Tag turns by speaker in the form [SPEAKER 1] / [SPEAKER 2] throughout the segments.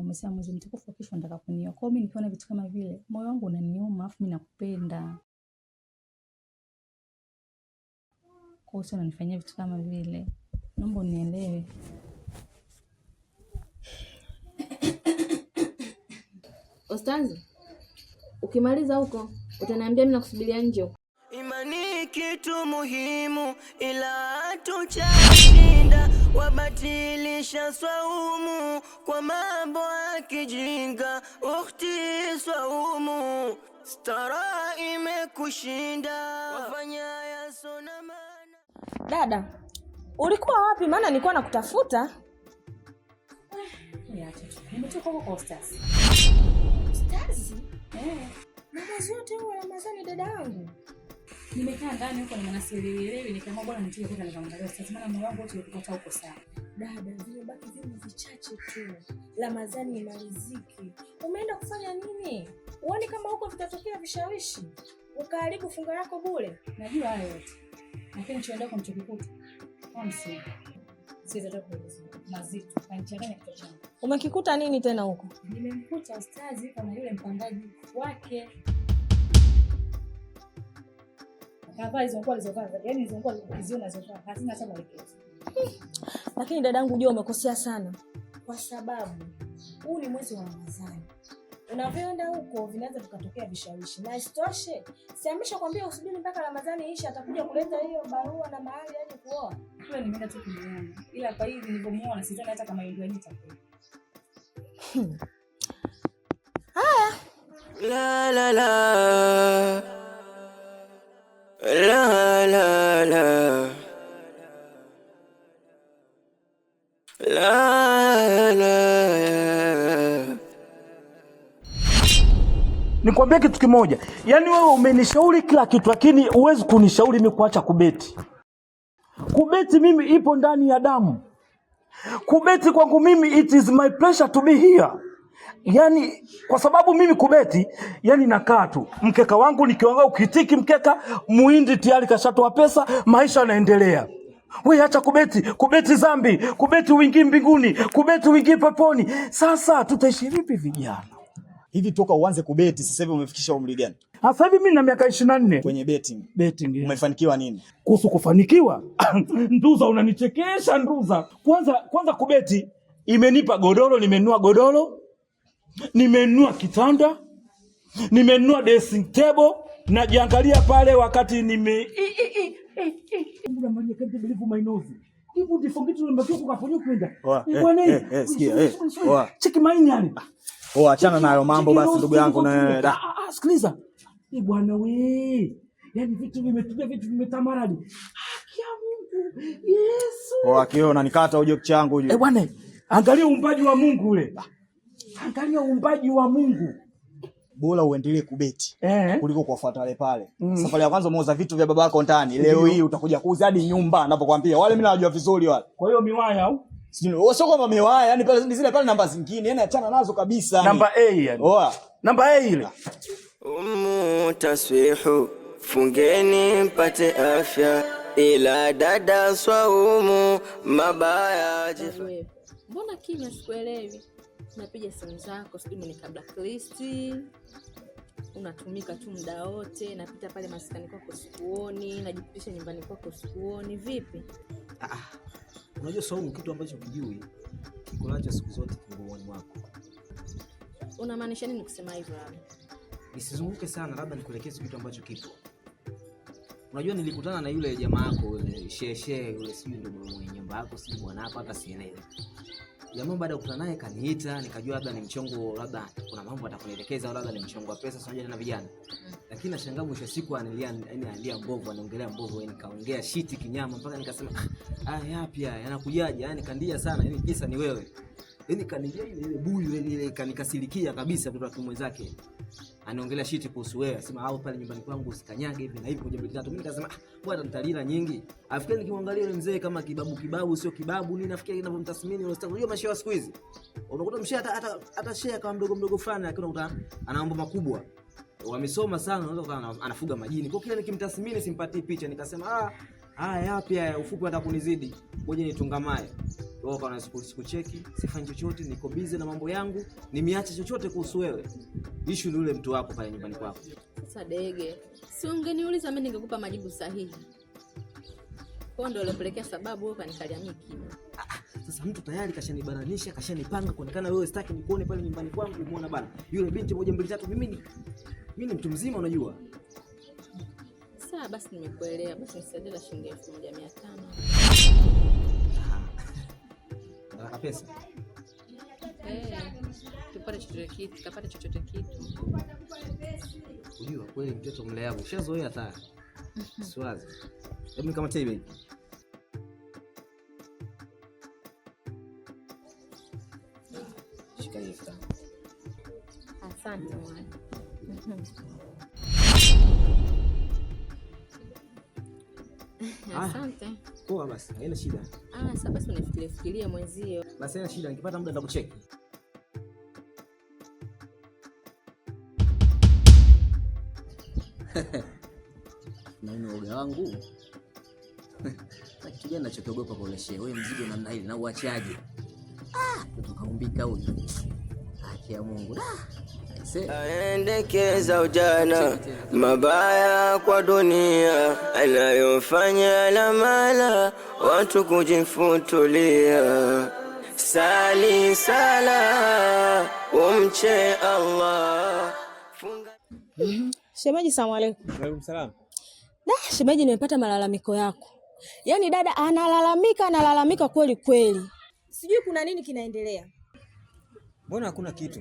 [SPEAKER 1] Umesema mwezi mtukufu wa kesho nataka kunioa. Kwa mimi nikiona vitu kama vile, moyo wangu unaniuma, afu mimi nakupenda. Kwa hiyo unanifanyia vitu kama vile, naomba unielewe.
[SPEAKER 2] Ostanzi, ukimaliza huko utaniambia, mimi nakusubiria nje Imani kitu muhimu, ila tuchashinda wabatilisha swaumu kwa mambo ya kijinga. Ukhti, swaumu stara imekushinda, wafanya yaso na maana. Dada, ulikuwa wapi? Maana nilikuwa nakutafuta.
[SPEAKER 1] Ustazi, eh.
[SPEAKER 2] mama zote Ramadhani dada yangu
[SPEAKER 1] Nimekaa ndani huko na sielewi, nikaamua bwana nitoke kwanza nikaangalia sasa, maana moyo wangu wote ulikuwa huko sana.
[SPEAKER 2] Dada, baki vitu vichache tu. Ramadhani imaliziki. Umeenda kufanya nini? Uone kama huko vitatokea vishawishi. Ukaharibu funga lako bure.
[SPEAKER 1] Najua hayo yote. Lakini nichoenda kwa mtu mchukukuta. Hamsi. Siweza kueleza. Mazito. Kanichanganya kichwa changu.
[SPEAKER 2] Umekikuta nini tena huko?
[SPEAKER 1] Nimemkuta Ustazi kama yule mpangaji wake kavaa zilizokuwa zilizovaa, yani zilizokuwa zilizoziona zilizovaa hazina hata mwelekeo.
[SPEAKER 2] Lakini dadangu, jua umekosea sana,
[SPEAKER 1] kwa sababu huu ni mwezi wa Ramadhani unavyoenda huko vinaweza vikatokea vishawishi, na isitoshe, si ameshakwambia usubiri mpaka Ramadhani isha, atakuja kuleta hiyo barua na mahali aje kuoa. Kule nimeenda tu kumuona, ila kwa hivi nilivyomuona sitana hata kama ndio anita hmm. la la la
[SPEAKER 3] Nikwambia kitu kimoja, yaani wewe umenishauri kila kitu, lakini huwezi kunishauri mimi kuacha kubeti. Kubeti mimi ipo ndani ya damu. Kubeti kwangu mimi, it is my pleasure to be here. Yaani kwa sababu mimi kubeti, yani nakaa tu mkeka wangu nikiwanga, ukitiki mkeka, muindi tayari kashatoa pesa, maisha yanaendelea. We acha kubeti, kubeti zambi, kubeti uingii mbinguni, kubeti uingii peponi. Sasa tutaishi vipi vijana?
[SPEAKER 4] hivi toka uanze kubeti sasa hivi umefikisha umri gani?
[SPEAKER 3] Ah, sasa hivi mimi na miaka 24. Kwenye betting. Betting.
[SPEAKER 4] Yeah. Umefanikiwa nini?
[SPEAKER 3] Kuhusu kufanikiwa? Nduza unanichekesha Nduza. Kwanza kwanza kubeti imenipa godoro, nimenua godoro. nimenua kitanda. nimenua dressing table najiangalia pale wakati nime
[SPEAKER 4] Oh, achana na hayo mambo basi ndugu yangu na da.
[SPEAKER 1] Ah, sikiliza. Ni bwana we. Yaani vitu vimetuja vitu vimetamaradi. Haki Mungu. Yesu.
[SPEAKER 4] Oh, akio unanikata uje changu uje.
[SPEAKER 1] Eh, bwana, angalia uumbaji wa Mungu ule. Angalia uumbaji wa Mungu.
[SPEAKER 4] Bora uendelee kubeti eh, kuliko kuwafuata wale pale mm. Safari ya kwanza umeuza vitu vya babako ndani, leo hii utakuja kuuza hadi nyumba, ninapokuambia. wale mimi nawajua vizuri wale.
[SPEAKER 1] Kwa hiyo miwaya au
[SPEAKER 4] Oh, sio kwamba mewaya, yani pale zile pale namba zingine, yani achana nazo kabisa. Yaani.
[SPEAKER 3] Namba A yani. Oa. Namba A ile. Umu taswihu fungeni mpate
[SPEAKER 2] afya ila dada swaumu mabaya jifu. Mbona kimya sikuelewi? Unapiga simu zako sijui kabla blacklist. Unatumika tu muda wote, napita pale maskani kwako sikuoni, najipitisha nyumbani kwako sikuoni, vipi? Ah.
[SPEAKER 4] Unajua saumu kitu ambacho kijui kikulacha siku zote kinguoni mwako.
[SPEAKER 2] Unamaanisha nini kusema hivyo?
[SPEAKER 4] Nisizunguke sana, labda nikuelekeze kitu ambacho kipo. Unajua nilikutana na yule jamaa yako yule sheshe yule, sijui ndio mwenye nyumba yako, si mwanako, hata sielewi Jamaa baada ya kukutana naye kaniita, nikajua labda ni mchongo, labda kuna mambo atakunielekeza au labda ni mchongo wa pesa, sio na vijana. Lakini nashangaa mwisho siku analia, yani analia mbovu, anaongelea mbovu, yani kaongea shiti kinyama mpaka nikasema ah, yapi haya yanakujaje? Yani kandia sana, yani kisa ni wewe. Yani kanijia ile ile buyu ile ile kanikasirikia kabisa mtoto wa mwenzake anaongelea shit kuhusu wewe, anasema au pale nyumbani kwangu usikanyage hivi na hivi kwa jambo tatu. Mimi nikasema ah, bwana nitalila nyingi. Afikiri nikimwangalia yule mzee kama kibabu kibabu, sio kibabu, ni nafikiri inavyomtathmini unastaki. Unajua maisha ya siku hizi unakuta mshia hata hata, hata share kama mdogo mdogo fulani, lakini unakuta ana mambo makubwa wamesoma sana, unaweza anafuga majini. Kwa kile nikimtathmini simpatii picha, nikasema ah, haya yapi haya, ufupi hata kunizidi, ngoja nitungamaye wewe kana sikucheki, sifanyi chochote, niko busy na mambo yangu, nimeacha chochote kuhusu wewe. Issue ni ule mtu wako pale nyumbani kwako.
[SPEAKER 2] Sasa Dege, si ungeniuliza mimi ningekupa majibu sahihi. Kwa ndio ulepelekea sababu wewe kanikalia mimi kimya.
[SPEAKER 4] Ah, ah, sasa mtu tayari kashanibananisha, kashanipanga kuonekana wewe, sitaki nikuone pale nyumbani kwangu, umeona bana. Yule binti moja mbili tatu, mimi mimi ni mtu mzima unajua.
[SPEAKER 2] Sasa basi nimekuelewa, basi nisaidie la shilingi 1500 pesa eh, tupate chochote kitu, kapate chochote kitu.
[SPEAKER 4] Unajua kweli mtoto mle ushazoea sana siwazi. Hebu nikamatie begi.
[SPEAKER 2] Asante Asante.
[SPEAKER 4] Poa basi, haina shida.
[SPEAKER 2] Ah, Asa basi unafikiria fikiria mwenzio.
[SPEAKER 4] Basi ina shida, nikipata muda nitakucheki. Na ina uga wangu. Kijana nachokiogopa kwa uleshe. Wewe mzigo namna hili na uachaje? Ah, tutakaumbika huyu. Haki Mungu. Ah aendekeza ujana mabaya kwa dunia anayofanya la mala watu
[SPEAKER 2] kujifutulia. Sali sala umche Allah. Mhm. Shemeji, salamu aleikum. Waalaikum salaam. Da, shemeji, nimepata malalamiko yako. Yaani dada analalamika analalamika kweli kweli, sijui kuna nini kinaendelea.
[SPEAKER 4] Mbona hakuna kitu?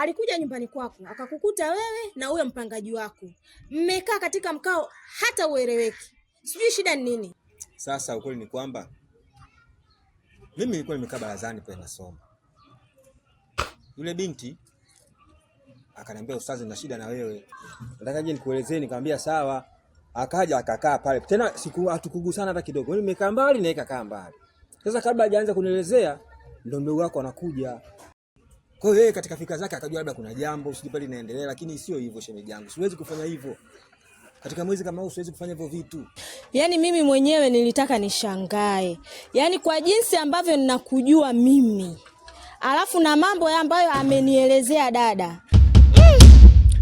[SPEAKER 2] alikuja nyumbani kwako akakukuta wewe na huyo mpangaji wako mmekaa katika mkao hata ueleweki, sijui shida ni nini.
[SPEAKER 4] Sasa ukweli ni kwamba mimi nilikuwa nimekaa barazani pale nasoma, yule binti akaniambia, ustazi, na shida na wewe, nataka je nikuelezee. Nikamwambia sawa. Akaja akakaa pale tena, siku hatukugusana hata kidogo. Yaani nimekaa mbali na yeye kakaa mbali. Sasa kabla hajaanza kunielezea, ndo mdogo wako anakuja kwa hiyo yeye katika fikra zake akajua labda kuna jambo usije pale lakini sio hivyo shemeji yangu. Siwezi kufanya hivyo. Katika mwezi kama huu siwezi kufanya hivyo vitu.
[SPEAKER 2] Yaani mimi mwenyewe nilitaka nishangae. Yaani kwa jinsi ambavyo ninakujua mimi. Alafu na mambo ambayo amenielezea dada.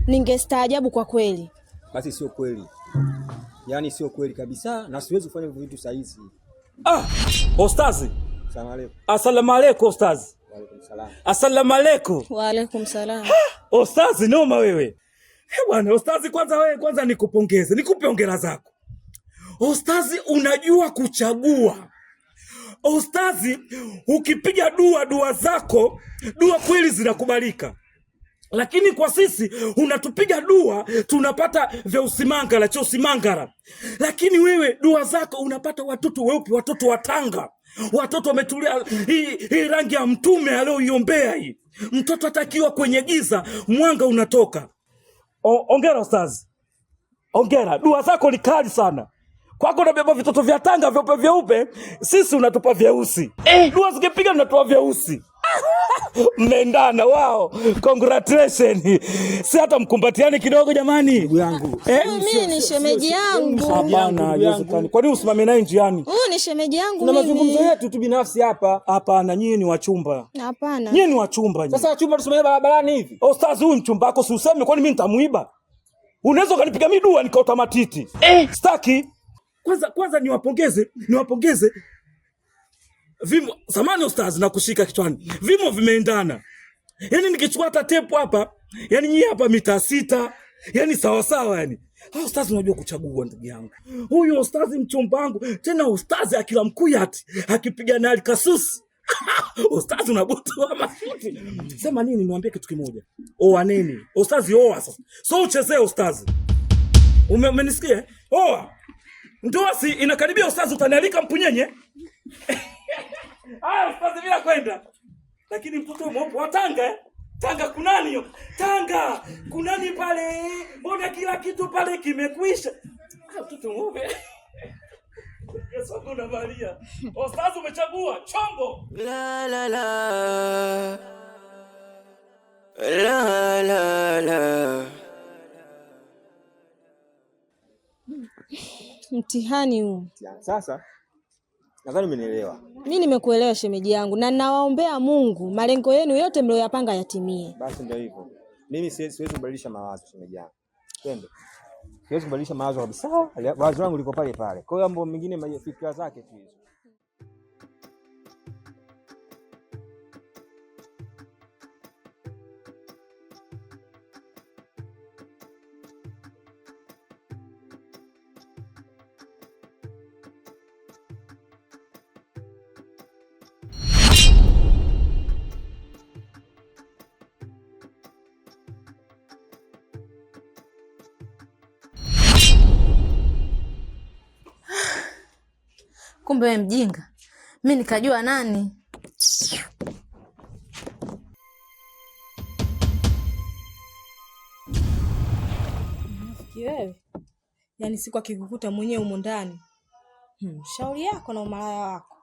[SPEAKER 2] Ningestaajabu kwa kweli.
[SPEAKER 4] Basi sio kweli. Yaani sio kweli kabisa na siwezi kufanya hivyo vitu saa hizi.
[SPEAKER 3] Ah! Ostazi. Asalamu alaykum. Asalamu alaykum Ostazi. Asalamu alaykum.
[SPEAKER 2] Wa alaykum salam.
[SPEAKER 3] Ostazi noma wewe. He bwana, ostazi kwanza wewe kwanza nikupongeze, nikupe hongera zako. Ostazi unajua kuchagua. Ostazi ukipiga dua dua zako, dua kweli zinakubalika. Lakini kwa sisi unatupiga dua tunapata vya usimangala cho usimangara, lakini wewe dua zako unapata watoto weupe, watoto watanga Watoto wametulia. Hii hii rangi ya mtume aliyoiombea hii, mtoto atakiwa kwenye giza, mwanga unatoka. O, ongera ustazi, ongera. Dua zako ni kali sana kwako, unabeba vitoto vya tanga vyeupe vyeupe, sisi unatupa vyeusi eh. Dua zikipiga unatoa vyeusi mmeendana wao, congratulations. Si hata mkumbatiani kidogo jamani, ndugu yangu
[SPEAKER 2] eh? Mimi ni shemeji yangu.
[SPEAKER 3] Hapana Yesu, kwa nini usimame naye njiani?
[SPEAKER 2] Huyu ni shemeji yangu, mimi. na
[SPEAKER 3] mazungumzo yetu tu binafsi hapa. Hapana, nyinyi ni wachumba. Hapana, nyinyi ni wachumba. nyinyi.
[SPEAKER 4] Sasa wachumba tuseme barabarani hivi,
[SPEAKER 3] ostazi, huyu mchumba wako si useme, kwani mimi nitamuiba? Unaweza ukanipiga mimi dua nikaota matiti eh? Staki. Kwanza kwanza niwapongeze, niwapongeze vimo zamani Stars na kushika kichwani, vimo vimeendana. Yani nikichukua hata tepu hapa, yani nyie hapa mita sita, yani sawa sawa yani Hao ah, Ustazi unajua kuchagua ndugu yangu. Huyu ustazi mchumba wangu, tena ustazi akila mkuyati, akipiga na alikasusi. Ustazi unabutua mashuti. Sema nini niwaambie kitu kimoja. Oa nini? Ustazi oa sasa. So uchezee ustazi. Umenisikia? Eh? oa. Ndio si inakaribia ustazi utanialika mpunyenye. Haya usipate bila kwenda. Lakini mtoto mwopo wa Tanga, Tanga kunani yo? Tanga kunani pale? Mbona kila kitu pale kimekwisha? Ah, mtoto mwopo. Yesu kuna Maria. Ostazi umechagua chombo. La la la. La la
[SPEAKER 2] la. Mtihani huu.
[SPEAKER 4] Sasa Nadhani umenielewa.
[SPEAKER 2] Mimi nimekuelewa shemeji yangu, na nawaombea Mungu malengo yenu yote mlioyapanga yatimie.
[SPEAKER 4] Basi ndio hivyo, mimi siwezi kubadilisha mawazo shemeji yangu, twende. Siwezi kubadilisha mawazo kabisa, wazo langu liko pale pale. Kwa hiyo mambo mengine mafikira zake tu hizo.
[SPEAKER 2] kumbe wewe mjinga, mi nikajua nani. yani wewe, yaani siku akikukuta mwenyewe humo ndani hmm. Shauri yako na umalaya wako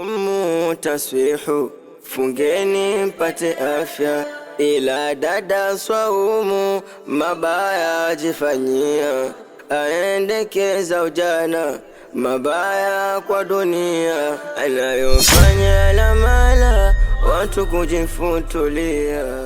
[SPEAKER 2] umu hmm. taswihu fungeni mpate afya, ila dada swaumu mabaya jifanyia aendekeza ujana mabaya kwa dunia, anayofanya lamala watu kujifutulia.